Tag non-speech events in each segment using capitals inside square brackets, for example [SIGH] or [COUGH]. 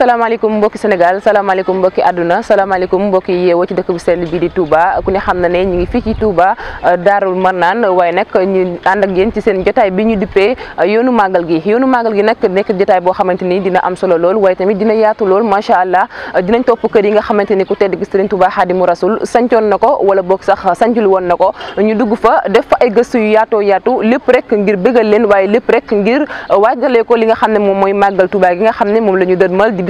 salaamaaleykum mbokki Sénégal salaamaaleykum mbokki àdduna salaamaaleykum mbokki yeewoo ci dëkk bu sell bi di Touba ku ne xam ne ñu ngi fii ci Touba euh, Daarul Marnaan waaye nag ñu ànd ak yéen ci seen jotaay bi ñu dippee euh, yoonu màggal gi yoonu màggal gi nag nekk jotaay boo xamante ni dina am solo lool waaye tamit dina yaatu lool macha allah euh, dinañ topp kër yi nga xamante ni ku tedd gi Sëriñ Touba Xaadimu Rasul sancoon na ko wala boog sax sancul woon na ko ñu dugg fa def fa ay gëstu yu yaatoo yaatu lépp rek ngir bëggal leen waaye lépp rek ngir waajalee ko li nga xam ne moom mooy màggal Touba nga xam ne moom la ñu dëdmal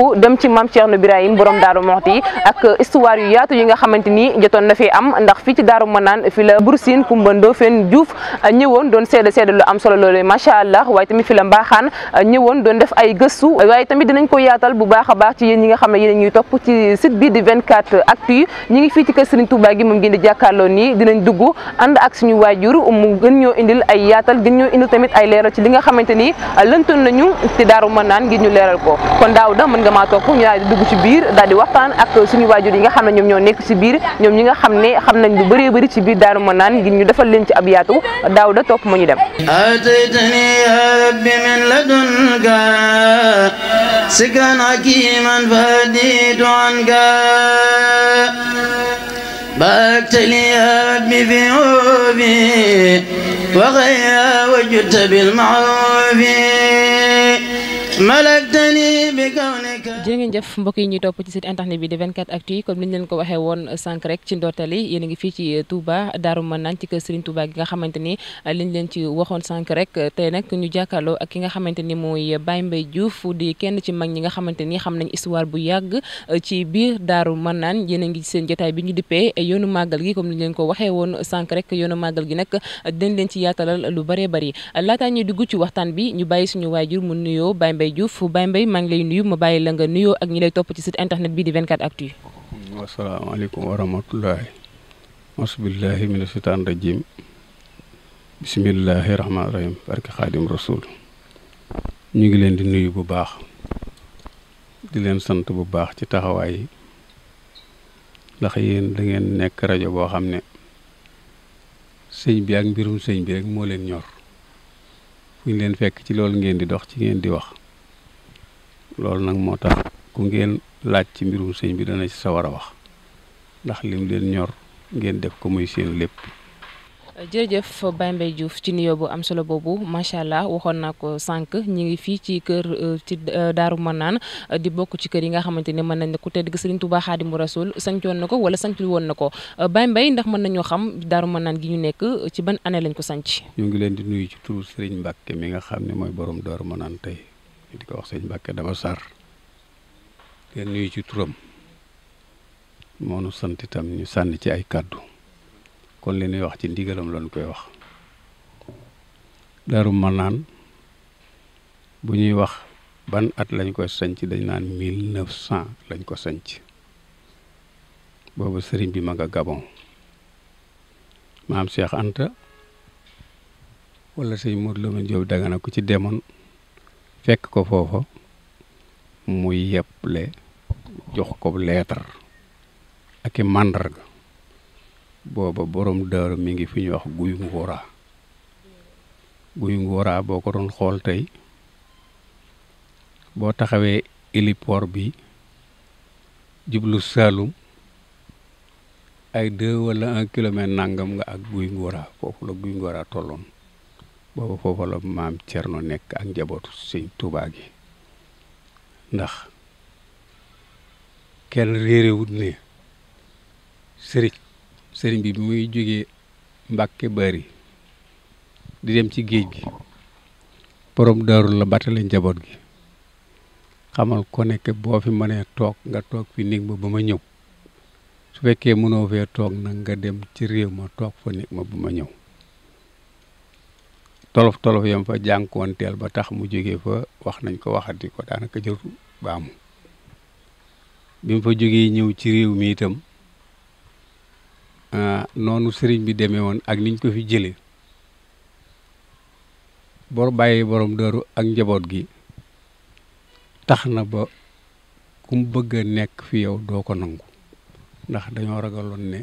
topp dem ci maam Thierno Birahim borom Daaru Moxti ak histoire yu yaatu yi nga xamante ni jotoon na fi am ndax fii ci Daaru Manaan fi la Bursin Kumba Ndofeen Diouf ñëwoon doon seede seede lu am solo loolu macha allah waaye tamit fi la mbaaxaan ñëwoon doon def ay gëstu waaye tamit dinañ ko yaatal bu baax a baax ci yéen ñi nga xam ne yéen ñuy topp ci site bi di 24 actu ñi ngi fii ci kër Serigne Touba gi moom ngeen di jàkkaarloo nii dinañ dugg ànd ak suñu waajur mu gën ñoo indil ay yaatal gën ñoo indil tamit ay leeral ci li nga xamante ni lëntoon nañu ci Daaru Manaan ngir ñu leeral ko damaa toog ñu daal di dugg ci biir daal di waxtaan ak suñu waajur yi nga xam ne ñoom ñoo nekk ci biir ñoom ñi nga xam ne xam nañ lu bëree bëri ci biir daaru ma naan ngir ñu defal leen ci ab yaatu daaw da topp ma ñu dem ataytani ya rabbi min ladunka sikkan hakiman faditu anka baktali ya rabbi fi ubi wa xayra wajudta bil maarufi ملكتني بكوني jërë ngeen jëf mbokk yi ñuy topp ci site internet bi di 24 actu yi comme ni ñu leen ko waxee woon sànq rek ci ndorteel yi yéen a ngi fii ci euh, Touba Daaru Manaan ci kër euh, sànq rek euh, tey nag ñu jàkkaarloo ak ki nga xamante ni mooy Baye Mbaye Diouf di kenn ci mag ñi nga xamante ni xam nañ histoire bu yàgg ci biir Daaru Manaan naan a ngi seen jotaay bi ñu dippee yoonu màggal gi comme ni ñu leen ko waxee woon sànq rek yoonu màggal gi nag dañ leen ci yaatalal lu bëree bëri laataa ñuy dugg ci waxtaan bi ñu bàyyi suñu waajur mu nuyoo Baye Mbaye Diouf Baye Mbaye nuyoo ak ñi lay topp ci site internet bii di 24 actu. asalaamaaleykum wa rahmatullahi asbillahi mina sitaan rajim bismillahi rahmaani rahim barke xaadim rasul ñu ngi leen di nuyu bu baax di leen sant bu baax ci taxawaay yi ndax yéen dangeen ngeen nekk rajo boo xam ne sëñ bi ak mbirum sëñ bi rek moo leen ñor fu ñu leen fekk ci loolu ngeen di dox ci ngeen di wax loolu nag moo tax ku ngeen laaj ci mbirum sëñ bi dana ci sawar a wax ndax lim leen ñor ngeen def ko muy seen lépp. jërëjëf Baye mbay Diouf ci nuyoo bu am solo boobu macha allah waxoon naa ko sànq ñi ngi fii ci kër euh, ci euh, daaru Manaan euh, di bokk ci kër yi nga xamante ne mën nañ ku tedd Sëriñ Tuubaa Xaadimu Rasuul sancoon na ko wala sancul woon na ko Baye Mbaye ndax mën nañoo xam daaru Manaan gi ñu nekk ci ban année lañ ko sanc ñu ngi leen di nuyu ci turu Sëriñ Mbàkke mi nga xam ne mooy borom daaru Manaan tey di ko wax Sëriñ leen nuyu ci turam moonu sant itam ñu sànni ci ay kàddu kon li ñuy wax ci ndigalam lañ koy wax Daaru Manaan bu ñuy wax ban at lañ koy sanc dañ naan mille neuf cent lañ ko sañc boobu sëriñ bi ma nga Gabon maam Cheikh Anta wala sëñ Modou Lamine Dagana ku ci demoon fekk ko foofa mu yepple jox ko leetar ak i màndarga booba borom daaru mi ngi fi ñuy wax guy ngóora guy ngóora boo ko doon xool tey boo taxawee héliport bi jublu Saalum ay deux wala un kilomètre nangam nga ak guy ngóora foofu la guy ngóora tolloon booba foofa la maam Cerno nekk ak njabootu sëñ tubaa gi ndax kenn réerewut ne sëriñ sëriñ bi bi muy jógee Mbàkke Bari di dem ci géej gi borom daaru la batale njaboot gi xamal ko nekk boo fi mënee toog nga toog fi néeg ma ba ma ñëw su fekkee mënoo fee toog nag nga dem ci réew ma toog fa néeg ma ba ma ñëw tolof tolof yam fa jànkoonteel ba tax mu jóge fa wax nañ ko waxati ko daanaka jël baamu bi mu fa jógee ñëw ci réew mi itam ah, noonu sëriñ bi demee woon ak niñ ko fi jëlee bor bàyyi borom dëru ak njaboot gi tax na ba ku mu bëgg a nekk fi yow doo ko nangu ndax dañoo ragaloon ne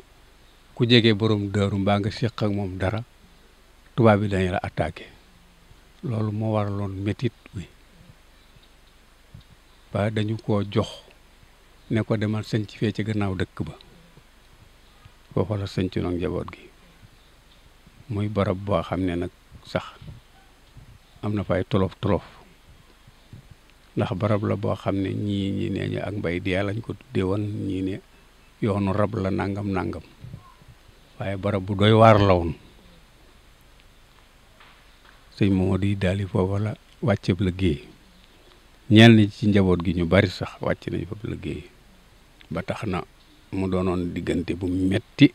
ku jege borom dëru mbaa nga séq ak moom dara tubaab bi dañu la attaqué loolu moo waraloon metit bi ba dañu ko jox ne ko demal sënc fee ci gannaaw dëkk ba foofa la sënc noog njaboot gi muy barab boo xam ne nag sax am na fay tolof tolof ndax barab la boo xam ne ñii ñi nee ñu ak mbay dee lañ ko tuddee woon ñii ne yoonu rab la nangam nangam waaye barab bu doy waar sëñ Mamadu daal di foofa la wàcceeb liggéey ñeel na ci njaboot gi ñu bari sax wàcc nañ foofu liggéey ba tax na mu doonoon diggante bu metti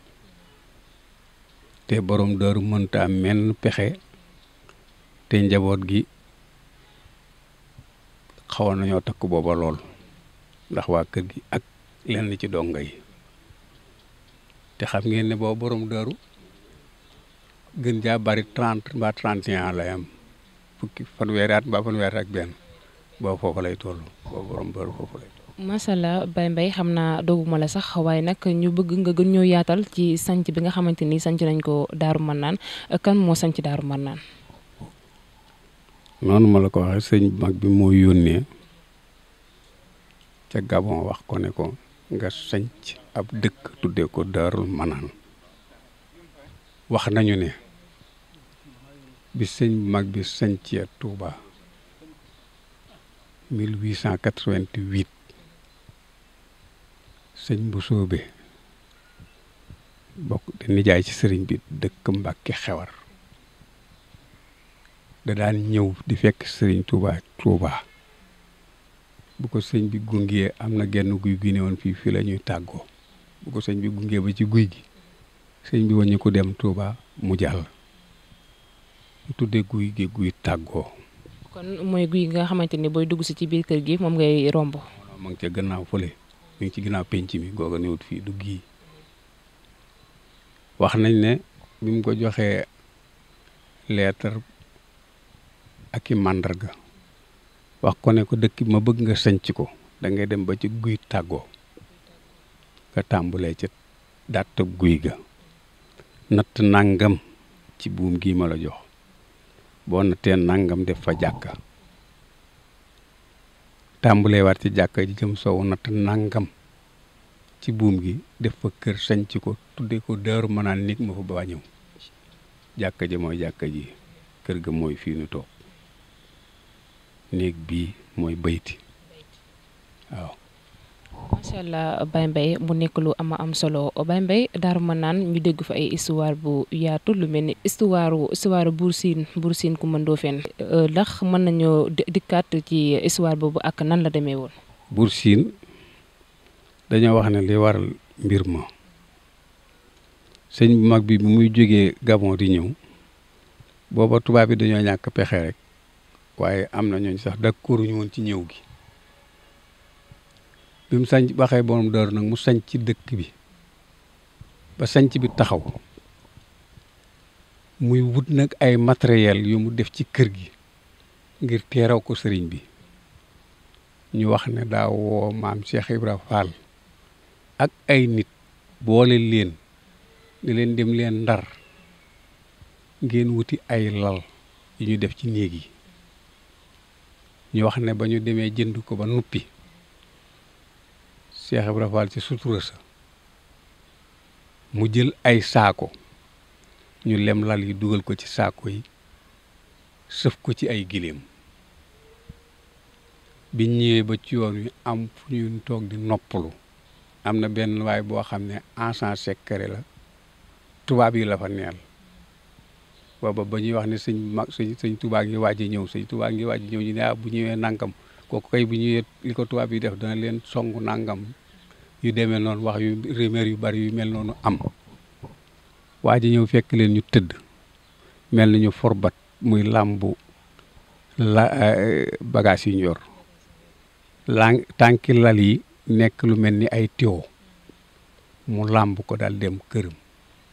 te boroom dooru mënta am menn pexe te njaboot gi xawoon nañoo takk booba lool ndax waa kër gi ak lenn ci donga yi te xam ngeen ne boo boroom dooru gën jaa bari trente mbaa trente et un lay am fukki fanweeri at mbaa fanweeri ak benn boobu foofu lay toll boobu borom bër foofu lay toll. macha allah Baye xam naa doguma la sax waaye nag ñu bëgg nga gën ñoo yaatal ci sanc bi nga xamante ni sanc nañ ko Daaru Marnaan kan moo sanc Daaru Marnaan noonu ma la ko waxee bu mag bi moo yónnee ca Gabon wax ko ne ko nga sanc ab dëkk tuddee ko Daaru Marnaan wax nañu ne bi sëñ mag bi sañcee Touba 1888 sëñ bu soobe bokk di nijaay ci sëriñ bi dëkk Mbàkke xewar da daan ñëw di fekk sëriñ Touba Touba bu ko sëñ bi gungee am na genn guy gu ne fii fii la ñuy tàggoo bu ko sëñ bi gungee ba ci guy gi sëñ bi wañu ko dem Touba mu jàll tuddee guy gi guy tàggoo. kon mooy guy nga xamante ni booy dugg si ci biir kër gi moom ngay romb. moo ma ngi ca gannaaw fële mi ngi ci gannaaw penc mi googa néewut fii du gii wax nañ ne bi mu ko joxee leetar ak i màndarga wax ko ne ko dëkk bi ma bëgg nga sanc ko dangay dem ba ci guy tàggoo nga tàmbulee ca dàtt guy ga natt nàngam ci buum gii ma la jox boo nattee nangam def fa jàkka tàmbulee waat ci jàkka ji jëm soow natt nangam ci buum gi def fa kër sañc ko tudde ko daaru manaan nit ma fa baa ñëw jàkka ji mooy jàkka ji kër ga mooy fii nu toog néeg bii mooy bayti waaw macha allah Baye mu nekk lu ama am solo Baye Mbaye Daaru Manaan ñu dégg fa ay histoire bu yaatu lu mel ni histoire histoire Buur Siin Buur Siin ku mën Ndofeen euh, ndax mën nañoo dikkaat ci histoire boobu ak nan la demee woon. Buur Siin dañoo wax na li waral mbir ma sëñ bu mag bi bu muy jógee Gabon di ñëw booba tubaab bi dañoo ñàkk pexe rek waaye am na ñooñ sax d'accord ñu woon ci ñëw gi. bi mu sañ waxee borom daaru nag mu sañ ci dëkk bi ba sañc bi taxaw muy wut nag ay matériel yu mu def ci kër gi ngir teeraw ko sëriñ bi ñu wax ne daa woo maam Cheikh Ibra Fall ak ay nit boole leen ne leen dem leen ndar ngeen wuti ay lal yu ñu def ci néeg yi ñu wax ne ba ñu demee jënd ko ba nuppi Cheikh Ibra Fall ci sutura sa mu jël ay saako ñu lem lal yi dugal ko ci saako yi sëf ko ci ay giléem bi ñëwee ba ci yoon wi am fu ñu toog di noppalu am na benn waay boo xam ne encens secret la tubaab yi la fa neel booba ba ñuy wax ne sëñ mag sëñ sëñ tubaa ngi waaj a ñëw sëñ tubaa ngi waaj a ñëw ñu ne ah, bu ñëwee nangam kooku kay bu ñëwee li ko tubaab yi def dana leen songu nangam yu demee noonu wax yu rumeur yu bari yu mel noonu am waa ji ñëw fekk leen ñu tëdd mel nañu forbat muy làmbu la eh, bagage yu ñu yor laa lal yi nekk lu mel ni ay tiwo mu làmb ko daal dem këram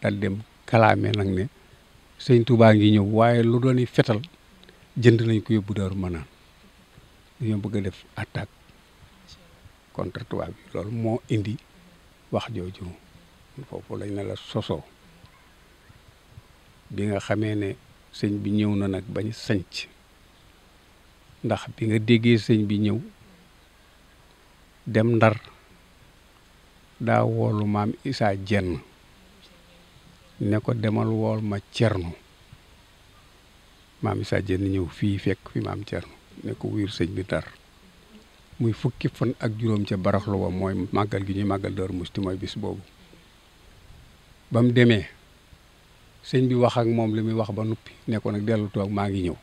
daal dem kalaame nag ne sëñ Tuubaa ngi ñëw waaye lu doon fetal jënd nañ ko yóbbu Daaru Manaan dañoo bëgg a def attaque contre tubaab bi loolu moo indi wax jooju foofu lañ ne la sosoo bi nga xamee ne sëñ bi ñëw na nag bañ sanc ndax bi nga déggee sëñ bi ñëw dem ndar daa woolu maam isaa jenn ne ko demal wool ma cernu maam isaa jenn ñëw fii fekk fi maam cernu ne ko wiir sëñ bi ndar muy fukki fan ak juróom ca baraxlu wa mooy màggal gi ñuy màggal Daaru Musti mooy bis boobu ba mu demee sëñ bi wax ak moom li muy wax ba nuppi nekkoon ko nag dellu toog maa ngi ñëw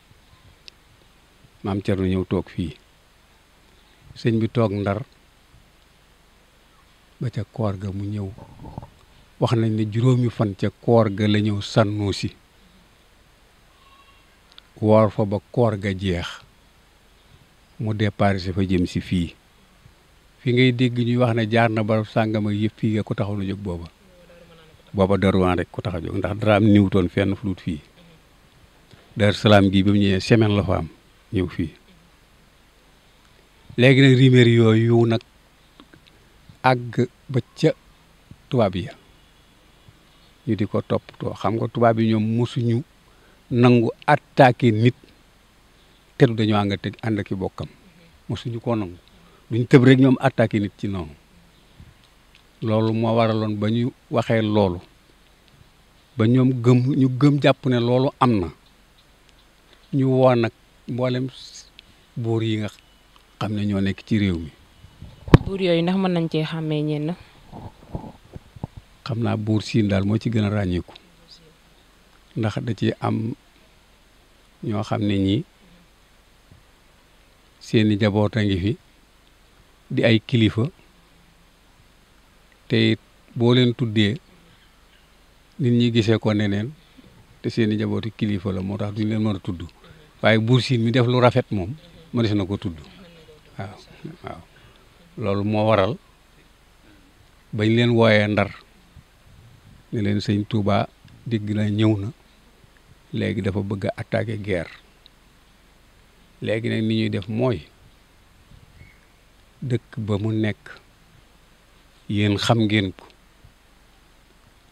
maam Cerno ñëw toog fii sëñ bi toog ndar ba ca koor ga mu ñëw wax nañ ne juróomi fan ca koor ga la ñëw sànnoo si fa ba koor ga jeex mu départ si fa jëm si fii fii ngay dégg ñuy wax ne jaar na ba sàngama yëpp fii nga ko taxaw na jóg booba booba Darouane rek ku tax a jóg ndax dara am niwutoon fenn flut fii Darou Salaam gii ba mu ñëwee semaine la fa am ñëw fii léegi nag riméer yooyu nag àgg ba ca tubaab yi ñu di ko toppatoo xam nga tubaab yi ñoom mosuñu nangu attaqué nit teru dañoo ànd ak ànd ak i bokkam mosuñu koo nangu duñ tëb rek ñoom attaki ni ci noonu loolu moo waraloon ba ñu waxee loolu ba ñoom gëm gëm jàpp ne loolu am na ñu woo nag mboolem buur yi nga xam ne ñoo nekk ci réew mi. buur yooyu ndax mën nañ cee xàmmee na xam naa buur siin daal moo ci gën a ràññeeku ndax da ci am ñoo xam ne ñii. seeni jaboot a ngi fi di ay kilifa te boo leen tuddee nit ñi gisee ko neneen te seeni jabooti kilifa la moo tax duñ leen mën a tudd waaye Buur si mi def lu rafet moom mënees na ko tudd waaw loolu moo waral bañ leen wooyee Ndar ne leen sëñ tuubaa dégg na ñëw na léegi dafa bëgg a attaquer guerre léegi nag ni ñuy def mooy dëkk ba mu nekk yéen xam ngeen ko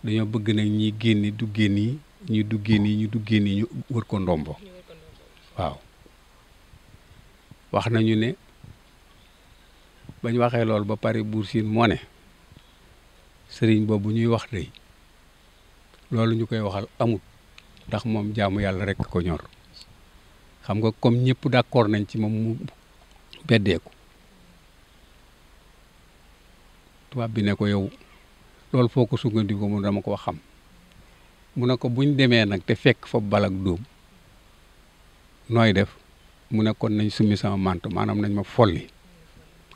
dañoo bëgg nag ñi génni duggee nii ñu duggee nii ñu duggee nii ñu wër ko ndombo waaw wax nañu ne bañ waxee loolu ba pare buur siin moo ne sëriñ boobu ñuy wax day loolu ñu koy waxal amut ndax moom jaamu yàlla rekk ko ñor xam nga comme ñëpp d'accord nañ ci moom mu beddeeku tubaab bi ne ko yow loolu foo ko sukkandiku mu dama koo xam mu ne ko buñ demee nag te fekk fa balak dóom nooy def mu ne kon nañ summi sama mantu maanaam nañ ma folli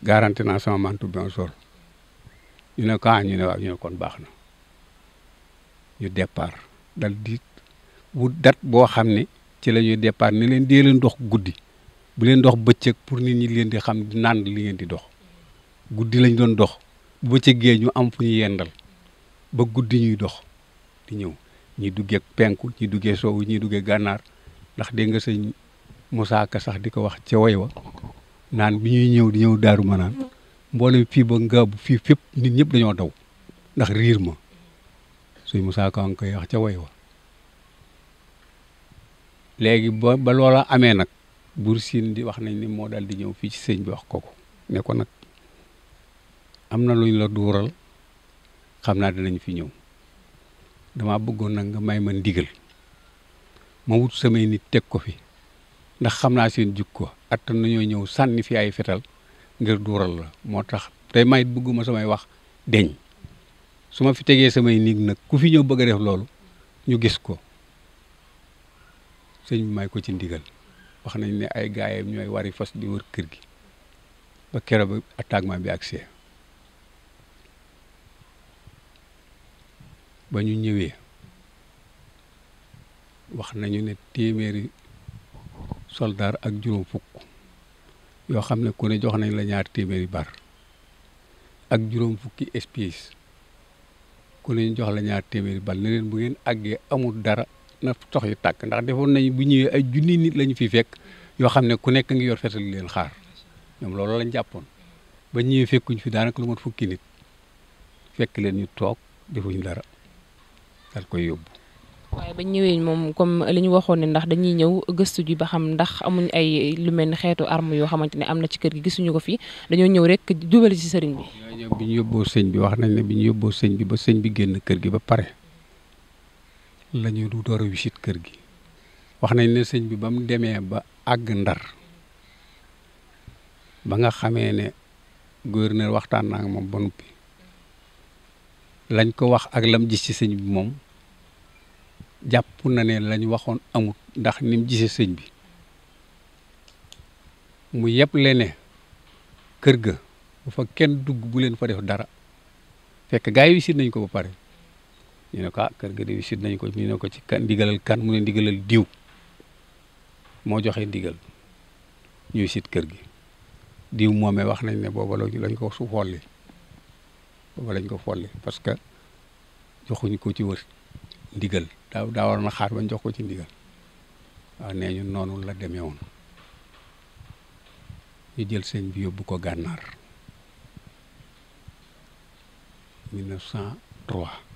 garanti naa sama mantu bi ma sol ñu na kaa ah, ñu ne waaw kon baax na ñu départ dal dat boo xam ni ci la ñuy départ ne leen dee leen dox guddi bu leen dox bëccëg pour nit ñi leen di xam naan li leen di dox guddi lañ doon dox bu bëccëgee ñu am fu ñu yendal ba guddi ñuy dox di ñëw ñi duggee penku ñi duggee soowu ñi duggee gànnaar ndax dégg nga sëñ Moussa Ka sax di ko wax ca way wa naan bi ñuy ñëw di ñëw daaru ma naan mboolem fii ba ngaabu fii fépp nit ñëpp dañoo daw ndax riir ma sëñ Moussa Ka nga koy wax ca way wa léegi ba ba loola amee nag Buur Siin di wax nañ ni moo daal di ñëw fii ci sëñ bi wax ko kooku ne ko nag am na luñ la duural xam naa dinañ fi ñëw dama bëggoon nag nga may man ndigal ma wut samay nit teg ko fi ndax xam naa seen ko attan nañoo ñëw sànni fi ay fetal ngir duural la moo tax tey may bëgguma samay wax deñ su ma fi tegee samay nit nag ku fi ñëw bëgg a def loolu ñu gis ko sëñ may ko ci ndigal wax nañ ne ay gaayam ñooy wari fos di wër kër gi ba kero ba attaquement bi agsee ba ñu ñëwee wax nañu ne téeméeri soldaar ak juróom fukk yoo xam ne ku ne jox nañ la ñaar téeméeri bar ak juróom fukki espèce ku ne ñu jox la ñaar téeméeri bal ne leen bu ngeen àggee amul dara na tox yi tàkk ndax defoon nañ bu ñëwee ay junni nit lañu fi fekk yoo xam ne ku nekk ngi yor fetal leen xaar ñoom loolu lañ jàppoon ba ñëwee fekkuñ fi daanaka lu mat fukki nit fekk leen ñu toog defuñu dara dal koy yóbbu. waaye ba ñëwee moom comme li ñu waxoon ne ndax dañuy ñëw gëstu ji ba xam ndax amuñ ay lu mel ni xeetu arm yoo xamante ne am na ci kër gi gisuñu ko fi dañoo ñëw rek jubali ci sëriñ bi. ñoo ñëw bi ñu yóbboo sëñ bi wax nañ ne bi ñu yóbboo sëñ bi ba sëñ bi génn kër gi ba pare. la ñu door a wisit kër gi wax nañ ne sëñ bi ba mu demee ba àgg ndar ba nga xamee ne gouverneur waxtaan naa ak moom ba noppi lañ ko wax ak lam gis ci sëñ bi moom jàpp na ne lañ waxoon amut ndax ni mu jise sëñ bi mu yëpp le kër ga bu fa kenn dugg bu leen fa def dara fekk gaa yi wisit nañ ko ba pare ñu ne ko ah kër ga de wisit nañ ko ñu ne ko ci kan ndigalal kan mu ne ndigalal diw moo joxe ndigal ñu wisit kër gi diw moomee wax nañ ne booba lañ ko su folli booba lañ ko folli parce que joxuñ ko ci wër ndigal daa daa waroon a xaar bañ jox ko ci ndigal waaw nee ñu noonu la demee woon ñu jël sëñ bi yóbbu ko gànnaar 1903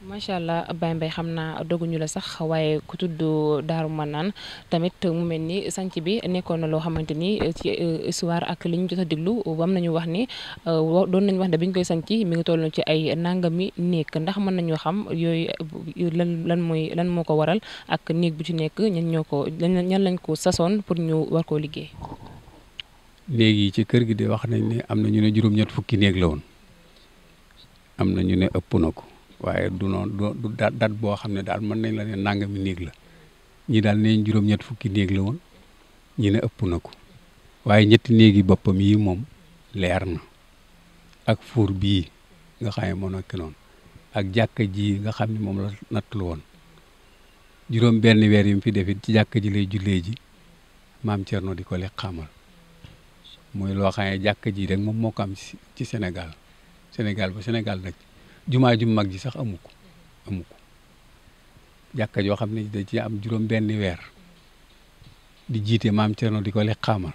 macha allah Baye Mbaye xam naa doguñu la sax waaye ku tudd Daaru Manaan tamit mu mel ni sanc bi nekkoon na loo xamante ni ci euh, histoire ak li ñu jot a déglu bam nañu wax ni euh, doon nañu wax ne bi ñu koy sanc mi ngi toll ci ay nangami néeg ndax mën nañoo xam yooyu euh, lan lan mooy lan moo ko waral ak néeg bu ci nekk ñan ñoo ko ñan lañ ko sasoon pour ñu war koo liggéey. ci kër gi de wax nañ ne am na ñu ne juróom-ñett fukki néeg la woon am na ñu ne ëpp na ko. waaye du noonu du dat boo xam ne daal mën nañ la ne néeg la ñi daal nee juróom-ñett fukki néeg la woon ñi ne ëpp na ko waaye ñetti néeg yi boppam yi moom leer na ak fuur bi nga xam ne moo nekk noonu ak jàkka ji nga xam ne moom la nattul woon juróom benn weer yi mu fi defit ci jàkka ji lay jullee ji maam Thierno di ko lekk xamal mooy loo xam ne jàkka ji rek moom moo ko am ci Sénégal senegal ba senegal nag jumaa ju mag ji sax amu ko amu ko jàkka joo xam ne da ci am juróom benn weer di jiite maam Cerno di ko li xaamal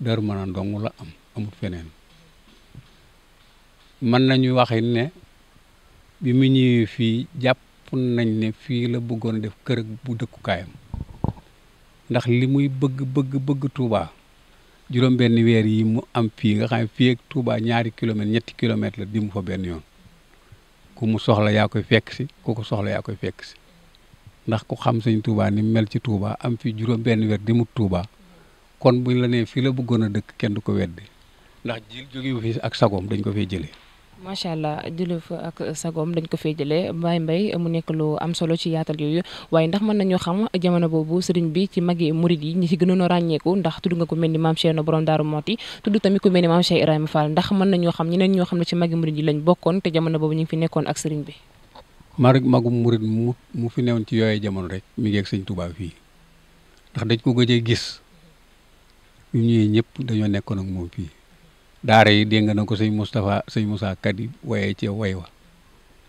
Daaru Manaan dong la am amut feneen mën nañu wax ne bi mu ñëwee fii jàpp nañ ne fii la bëggoon def kër bu dëkkukaayam ndax li muy bëgg bëgg bëgg Touba juróom benn weer yi mu am fii nga xam ne fii ak Touba ñaari kilomètre ñetti kilomètre la di mu fa benn yoon ku mu soxla yaa koy fekk si ku ko soxla yaa koy fekk si ndax ku xam sañ Touba ni mel ci Touba am fi juróom-benn wet di demut Touba kon buñ la nee fii la bëggoon a dëkk kenn du ko weddi ndax ji jógewu fi ak sagoom dañ ko fay jëlee macha allah jëlëf ak sagoom dañ ko fee jëlee Mbaye Mbaye mu nekk lu am solo ci yaatal yooyu waaye ndax mën nañoo xam jamono boobu sëriñ bi ci magi murid yi ñu ci gënoon a ràññeeku ndax tudd nga ko mel ni maam Cheikh borom Daaru Mooti tudd tamit ku mel ni maam Cheikh Ibrahima Fall ndax xam ñeneen ñoo xam ne ci magi murid yi lañ bokkoon te jamono boobu ñu ngi fi nekkoon ak sëriñ bi maa rek magum murid mu mu fi newoon ci yooyee jamono rek mi ngi ak sëñ Touba fii ndax dañ ko gëjee gis ñu ñëpp dañoo nekkoon ak moom fii daara yi dégg na ko sëñ Moustapha sëñ Moussa Kadi waye ci way wa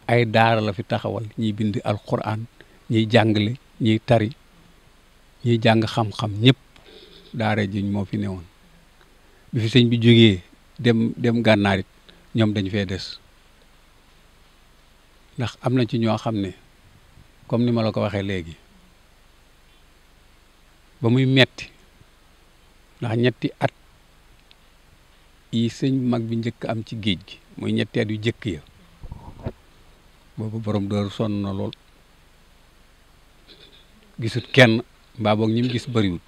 ay daara la fi taxawal ñiy bind alquran ñiy jàngale ñiy tari ñiy jàng xam-xam ñëpp daara jiñ moo fi newoon bi fi sëñ bi jógee dem dem gànnaar ñoom dañ fee des ndax am na ci ñoo xam ne comme ni ma la ko waxee léegi ba muy metti ndax ñetti at yi sëñ mag bi njëkk am ci géej gi muy ñetteet yu jëkk ya boobu borom dooru sonn na lool gisut kenn mbaa boog ñi mu gis bëriwut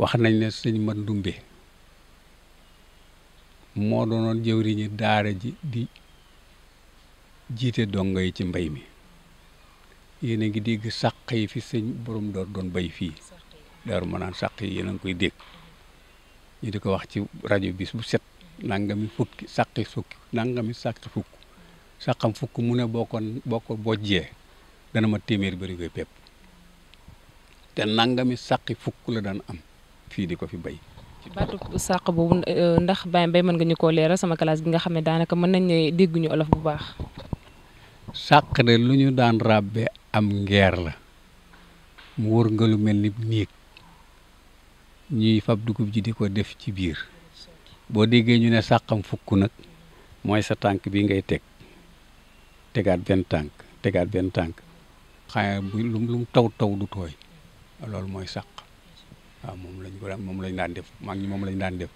wax nañ ne sëñ man dumbe moo doonoon jëwriñi daara ji di jiite dongo yi ci mbay mi yéen a ngi dégg saq yi fi sëñ borom door doon bay fii daaru manaan saq yi yéen a ngi koy dégg ñu di ko wax ci rajo bis bu set nangami fukki sàqi fukki nangami sàqi fukk sàqam fukk mu ne boo ko boo ko bojjee dana ma téeméer bëri koy pepp te nangami sàqi fukk la daan am fii di ko fi bay baatu sàq boobu euh, ndax Baye bay mën nga ñu koo leeral sama classe bi nga xam ne daanaka mën nañ ne dégguñu olof bu baax sàq de lu ñu daan ràbbe am ngeer la mu wër nga lu mel ni niig ñuy fab dugub ji di ko def ci biir boo déggee ñu ne am fukk nag mooy sa tànk bi ngay teg tegaat benn tànk tegaat benn tànk xaya bu lu mu taw taw du tooy loolu mooy sàq waaw moom lañ ko daan moom lañ daan def mag ñi moom lañu daan def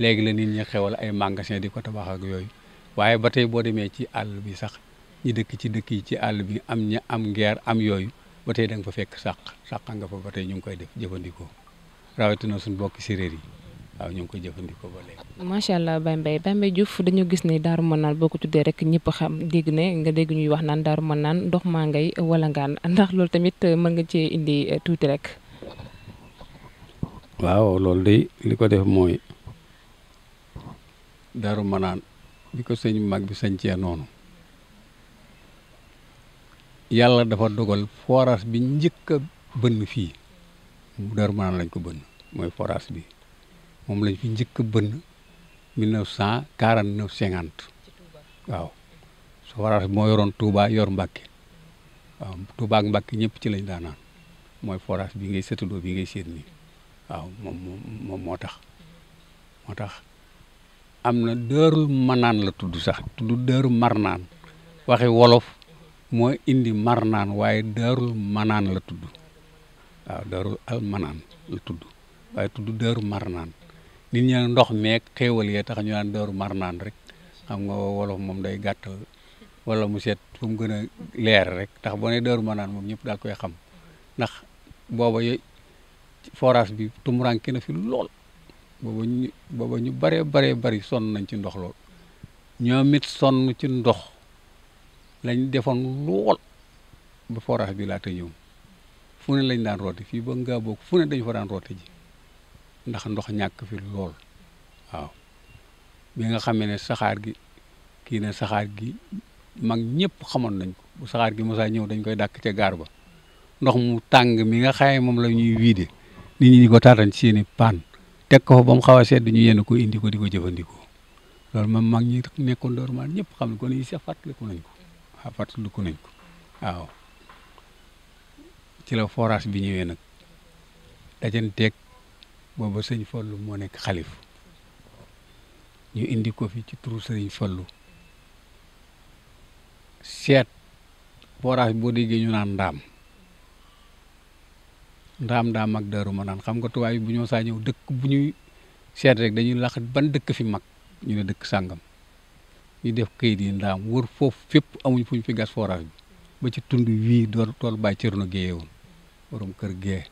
léegi la nit ñi xewal ay magasin di ko tabax ak yooyu waaye ba tey boo demee ci àll bi sax ñi dëkk ci dëkk yi ci àll bi am ña am ngeer am yooyu ba tey da nga fa fekk sàq sàq nga fa ba tey ñu ngi koy def jëfandikoo rawatina suñu bokki séréer yi waaw ñu ngi koy jëfandikoo ba léegi. macha allah Baye Mbaye Baye Mbaye Diouf dañoo gis ne Darou Manane boo ko tuddee rek xam dégg ne nga dégg ñuy wax naan Darou Manane ndox maa ngay wala ngaan [LAUGHS] ndax loolu tamit euh, mën nga cee indi euh, tuuti rek. waaw loolu de li ko def mooy Darou Manane bi ko sëñ mag bi sañcee noonu yàlla dafa dogal forage bi njëkk a bënn fii Darou Manane lañ ko bënn. mooy forage bi moom lañ fi njëkk a bënn 1949 50 waaw forage bi moo yoroon Touba yor Mbacke waaw Touba ak ñëpp ci lañ daanaan mooy forage bi ngay sétadoo bi ngay séet nii waaw moo tax moo tax am na dëeru manaan la tudd sax tudd dëeru marnaan waxe wolof moo indi marnaan waaye dëerul manaan la tudd manaan la tudd waaye tudd Daaru Marnaan nit ñaan ndox meeg xéewal yee tax ñu naan Daaru Marnaan rek xam nga wolof moom day gàttal wala mu seet fu gën a leer rek ndax boo nee Daaru Marnaan moom ñëpp daal koy xam ndax booba yooyu forage bi tumuranke na fi lool booba ñu booba ñu baree baree bari sonn nañ ci ndox lool ñoom it sonn ci ndox lañ defoon lool ba forage bi laata ñëw fu ne lañ daan roote fii ba ngaa bokk fu ne dañ fa daan roote ji ndax ndox ñàkk fi lool waaw bi nga xam ne saxaar gi kii ne saxaar gi mag ñëpp xamoon nañ ko bu saxaar gi mosaa ñëw dañ koy dàkk ca gaar ba ndox mu tàng mi nga xaye moom la ñuy wiide nit ñi ñu ko taatan ci seen i paan teg ko fa ba mu xaw a sedd ñu yenn ko indi ko di ko jëfandikoo loolu moom mag ñi nekkoon door maan ñëpp xam ne kon yi sax fàttaliku nañ ko waaw fàttaliku nañ ko waaw ci la forage bi ñëwee nag dajanteeg booba sëñ Fallu moo nekk xalif ñu indi ko fi ci turu sëriñ Fallu seet forage boo déggee ñu naan ndaam ndaam ndaam mag daaru ma naan xam nga tubaab yi bu ñoo saa ñëw dëkk bu ñuy seet rek dañuy lax ban dëkk fi mag ñu ne dëkk sàngam ñu def kayit yi ndaam wër foofu fépp amuñ fu ñu fi gas forage bi ba ci tund wii door tool bàyyi cërno géeyewoon borom kër gee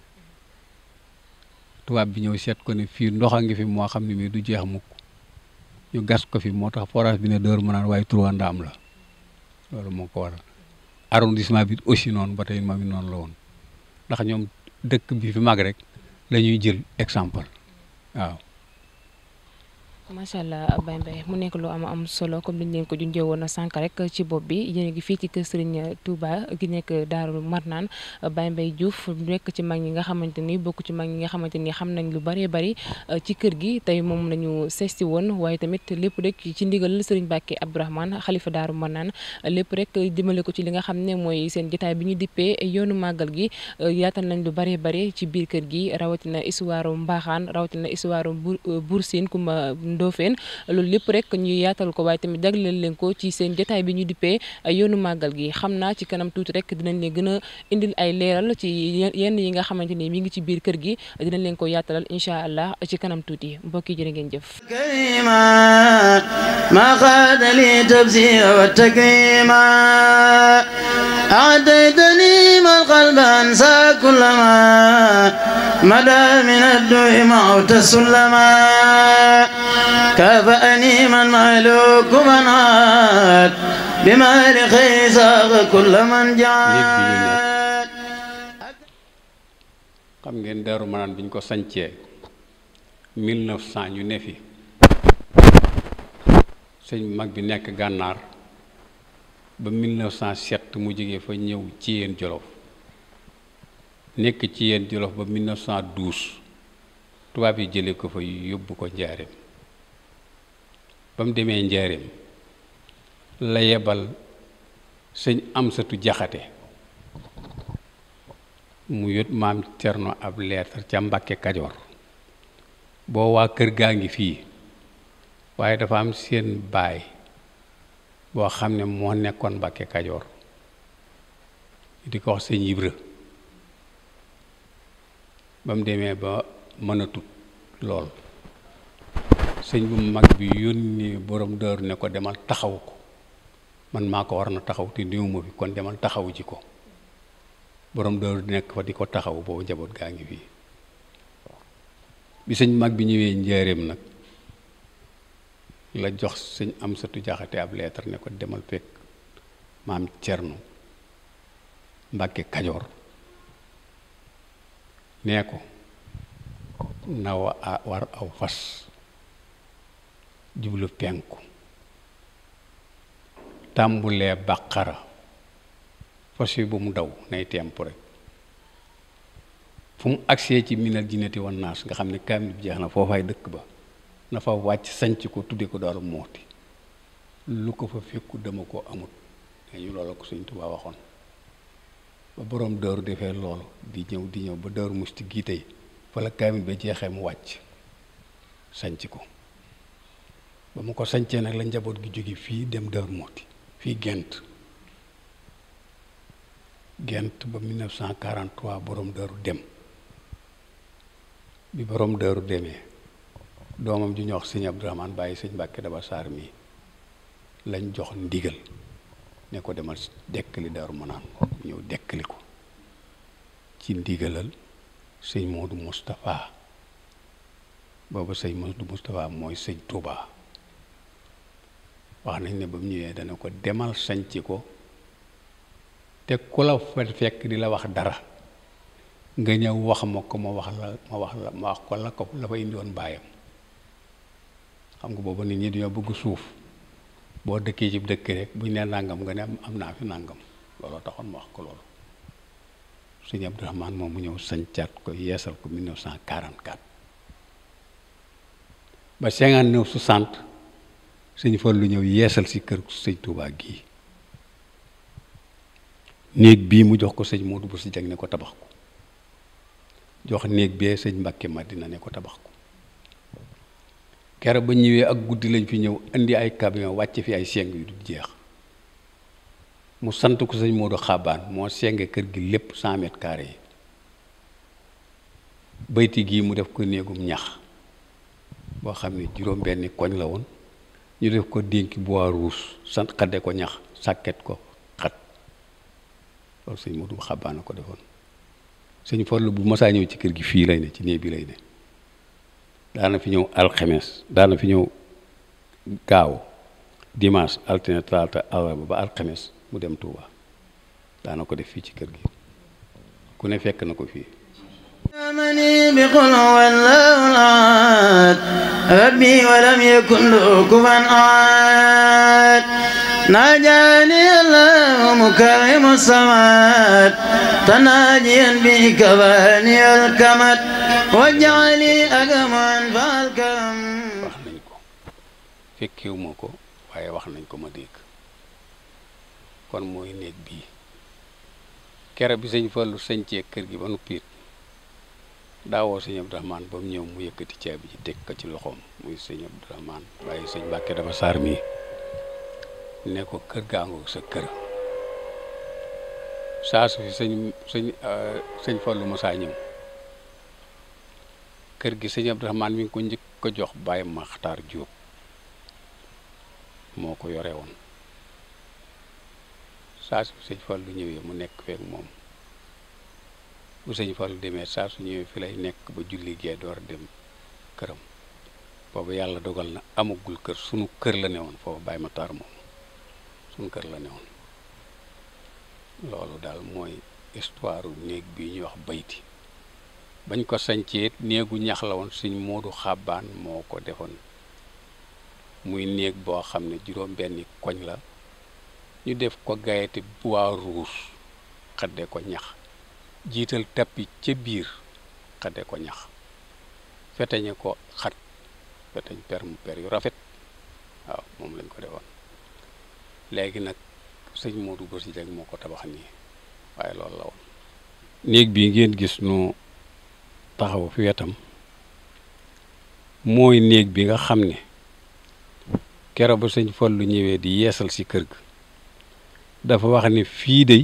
tubaab bi ñëw seet ko ne fii ndox a ngi fi moo xam ne mii du jeex mukk ñu gas ko fi moo tax forage bi ne dóor mu naan waaye trois am la loolu moo ko waral arrondissement bi aussi noonu ba tey ma it noonu la woon ndax ñoom dëkk bi fi mag rek la ñuy jël exemple waaw macha allah Baye Mbaye mu nekk lu am am solo comme liñ leen ko junjee woon sànq rek ci bopp bi yéen a ngi fii ci kër Serigne Touba gi nekk Daaru Marnaan Baye Mbaye Diouf nekk ci mag ñi nga xamante ni bokk ci mag ñi nga xamante ni xam nañ lu bëree bëri euh, ci kër gi tey moom lañu seesti woon waaye tamit lépp rek ci ndigal Serigne Bakke Abdourahmane xalifa Daaru Marnaan lépp rek dimbale ko ci li nga xam ne mooy seen jotaay bi ñu dippee yoonu màggal gi euh, yaatal nañ lu bare bëri ci biir kër gi rawatina histoire mbaaxaan rawatina histoire euh, Buur Siin kuma Ndofène loolu lépp rek ñu yaatal ko waaye tamit jagleel leen ko ci seen jotaay bi ñu dippee yoonu màggal gi xam naa ci kanam tuuti rek dinañ leen gën a indil ay leeral ci yenn yi nga xamante ni mi ngi ci biir kër gi dinañ leen ko yaatalal incha allah ci kanam tuuti mbokk yi jërë ngeen jëf. أعطيتني ما القلب أنسى كلما مدى من الدوء معوت السلما كافأني من مهلوك منات بمال خيساق كل من جاء xam ngeen Daaru Manaan bi ñu ko sañcee 1900 ñu ne fi sëñ mag bi nekk gànnaar ba 1907 mu jógee fa ñëw ci yéen Jolof nekk ci yéen Jolof ba 1912 tubaab yi jëlee ko fa yóbbu ko njaareem ba mu demee njaareem la yebal sëñ amsatu jaxate mu yot maam cerno ab leetar ca mbàkke kajoor boo waa kër gaa ngi fii waaye dafa am seen baay boo xam ne moo nekkoon mbàkke kajoor di ko wax sëñ Ibra ba mu demee ba mën a tut lool sëñ bu mag bi yónni borom dër ne ko demal taxaw ko man maa ko war na taxaw te néewuma fi kon demal taxaw ji ko boroom dër nekk fa di ko taxaw boobu njaboot gaa ngi fii bi sëñ mag bi ñëwee njaareem nag la jox sëñ am satu jaxate ab leetar ne ko demal fekk maam cernu mbàkke kajoor nee ko na aw fas jublu penku tàmbulee bàqara fas wi bu mu daw nay temp rek fu mu agsee ci minal jinnati wan naas nga xam ne kaamil bi jeex na foofaay dëkk ba na fa wàcc sanc ko tudde ko daaru muuti lu ko fa fekku dama ko amut dañu loola ko suñ tubaa waxoon ba boroom dëru defee loolu di ñëw di ñëw ba dëru musti gii tey fa la kaamil ba jeexee mu wàcc sanc ko ba mu ko sañcee nag la njaboot gi jóge fii dem Darou Mouhty fii Gent Gent ba 1943 borom Daaru dem bi borom Daaru demee doomam ju ñu wax sëñ Abdourahmane bàyyi sëñ Mbàkke daba saar mi lañ jox ndigal ne ko demal dekkali Daaru Manaan ñëw dekkali ko ci ndigalal sëñ Moodu Moustapha booba sëñ Moodu Moustapha mooy sëñ Touba. wax nañ ne ba mu ñëwee dana ko demal sañci ko te ku la fa fekk di la wax dara nga ñëw wax ma ko ma wax la ma wax la wax ko la ko la fa indi woon baayam xam nga boobu nit ñi dañoo bëgg suuf boo dëkkee ci dëkk rek bu ñu nee nàngam nga ne am naa fi nàngam looloo taxoon ma wax ko loolu sëñ Abdourahmane moom mu ñëw sañcaat ko yeesal ko 1944 ba 59 60 sëñ lu ñëw yeesal si kër sëñ Tuubaa gii néeg bii mu jox ko sëñ Moodu bu si jag ne ko tabax ko jox néeg bee sëñ Mbàkke Madina ne ko tabax ko keroog ba ñëwee ak guddi lañ fi ñëw indi ay camion wàcce fi ay seng yu du jeex mu sant ko sëñ Moodu Xabaan moo senge kër gi lépp cent mètres carrés yi bayti gii mu def ko néegum ñax boo xam ne juróom benni koñ la woon ñu def ko dénki bois rouge sant xadde ko ñax sàkket ko xat loolu sëñ Modou ko defoon sëñ Fallu bu masaa ñëw ci kër gi fii lay ne ci néeg bi lay ne daana fi ñëw alxemes daana fi ñëw gaaw dimanche altine talaata alarba ba alxemes mu dem Touba daana ko def fii ci kër gi ku ne fekk na ko fii ربي ولم يكن له كفوا أحد ناجاني الله مكرم الصمد تناجيا بك فاني الكمد واجعلي أقما فالكرم fekkiwuma ko waaye wax nañ ko ma dégg kon mooy néeg bii kere bi sëñ Fallu sëncee kër gi ba nuppiit daawoo sëñ Abdourahmane ba mu ñëw mu yëkkati ceeb ji teg ko ci loxoom muy sëñ Abdourahmane waaye sëñ Mbàkke dama saar mii ne ko kër gaangu sa kër saa su fi sëñ sëñ euh, sëñ Fallu Musaa ñëw kër gi sëñ Abdourahmane mi ngi ko njëkk ko jox Baye Makhtar Diop moo ko yore woon saa su fi sëñ Fallu ñëwee mu nekk feek moom bu sëñ Fallu demee saa su ñëwee fi lay nekk ba julli gee door dem këram boobu yàlla dogal na amagul kër sunu kër la newoon foofu Baye Matar moom sunu kër la newoon loolu daal mooy histoire néeg bi ñuy wax bayti bañ ko sañceet néegu ñax la woon suñ moodu xàbbaan moo ko defoon muy néeg boo xam ne juróom benni koñ la ñu def ko gayete bois rouge xadde ko ñax jiital tappi ca biir xade ko ñax feteñe ko xat feteñ per mu per yu rafet waaw moom lañ ko defoon léegi nag sëñ Modou Bousso Dieng moo ko tabax nii waaye loolu la woon néeg bi ngeen gis nu taxaw fi wetam mooy néeg bi nga xam ne keroog ba sëñ Fallu ñëwee di yeesal si kër gi dafa wax ne fii dey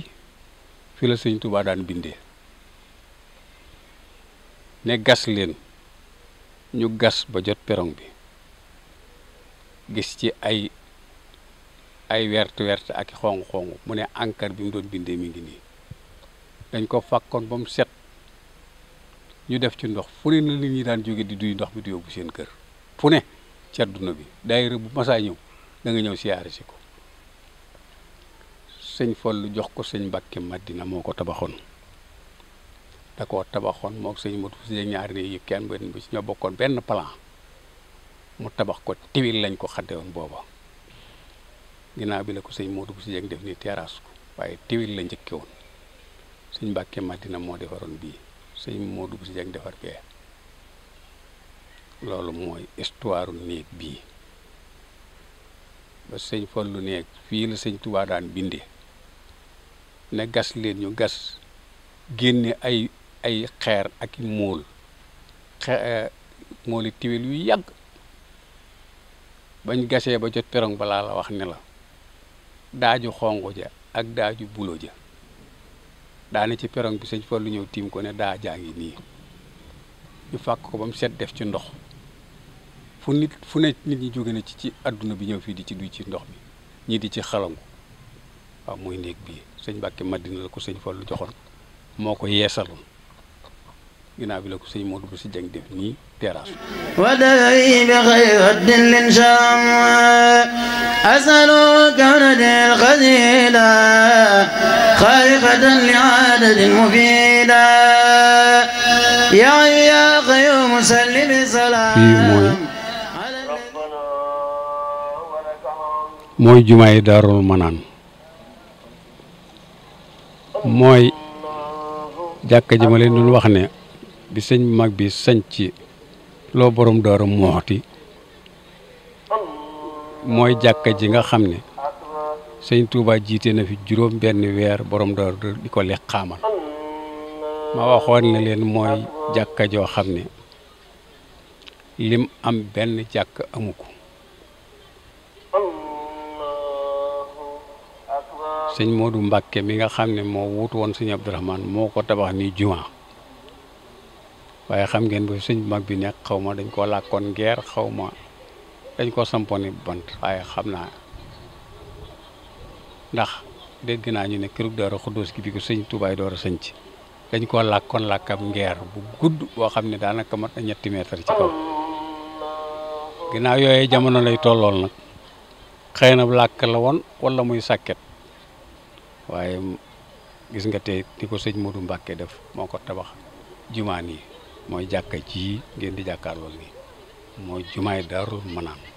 fi la sëñ Tuubaa daan bindee ne gas leen ñu gas ba jot perong bi gis ci ay ay wert wert ak xong xong mu ne encre bi mu doon bindee mi ngi nii dañ ko fàkkoon ba mu set ñu def ci ndox fu ne na nit ñi daan jóge di duy ndox bi di yóbbu seen kër fu ne ci àdduna bi daayira bu masaa ñëw da ñëw siyaare si ko sëñ Fallu jox ko sëñ Mbàkke Madina moo ko tabaxoon da koo tabaxoon moo sëñ Modou Cissé ñaari réew yi kenn benn bi ñoo bokkoon benn plan mu tabax ko tiwil lañ ko xaddewoon booba ginnaaw bi la ko sëñ Modou Cissé def ni terrasse waaye tiwil la njëkke woon sëñ Mbàkke Madina moo defaroon bii sëñ Modou Cissé defar bee loolu mooy histoire néeg bii ba sëñ Fallu néeg fii la sëñ Tuubaa daan bindee ne gas leen ñu gas génne ay ay xeer ak i móol xe eh, móoli tiwel yu yàgg bañ gasee ba ca terong balaa la wax ne la daaju xonq ja ak daaju bulo ja daane ci perong bi sëñ lu ñëw tiim ko ne daa jaa ngi nii ñu fàkk ko ba mu set def ci ndox fu nit fu ne nit ñi jóge na ci ci àdduna bi ñëw fii di ci duy ci ndox bi ñii di ci xalangu waaw muy néeg bii sëñ Mbàkke Madina la ko sëñ Fallu joxoon moo ko yeesaloon ginnaaw bi la ko sëñ Modou bu si jëng def nii li aadadin mufida yaa ya xayru musalli salaam mooy mooy jumaay Daarul Manaan mooy jàkka ji ma leen bi sëñ mag bi sanc loo borom daaru moxti mooy jàkk ji nga xam ni sëñ Touba jiite na fi juróom benn weer borom daaru di ko leqaamal ma waxoon ne leen mooy jàkk joo xam ni lim am benn jàkk amu ko sëñ Modou Mbacke mi nga xam ne moo wutu woon sëñ Abdourahmane moo ko tabax nii jumaa waaye xam ngeen bu sëñ mag bi nekk xaw dañ koo làkkoon geer xaw ma dañ koo samponi bant waaye xam naa ndax dégg naa ñu ne kërug Daaru Xuddoos gi bi ko sëñ Tuubaay door a sëñc dañ koo làkkoon làkkab ngeer bu gudd boo xam ne daanaka mat na ñetti mètre ci kaw ginnaaw yooyu jamono lay tollool nag xëy na làkk la woon wala muy sàkket waaye gis nga tey di ko sëñ Modou Mbàkke def moo ko tabax jumaan yi mooy jàkka ji ngeen di jàkkaarlool nii mooy jumaay Daarul Manaan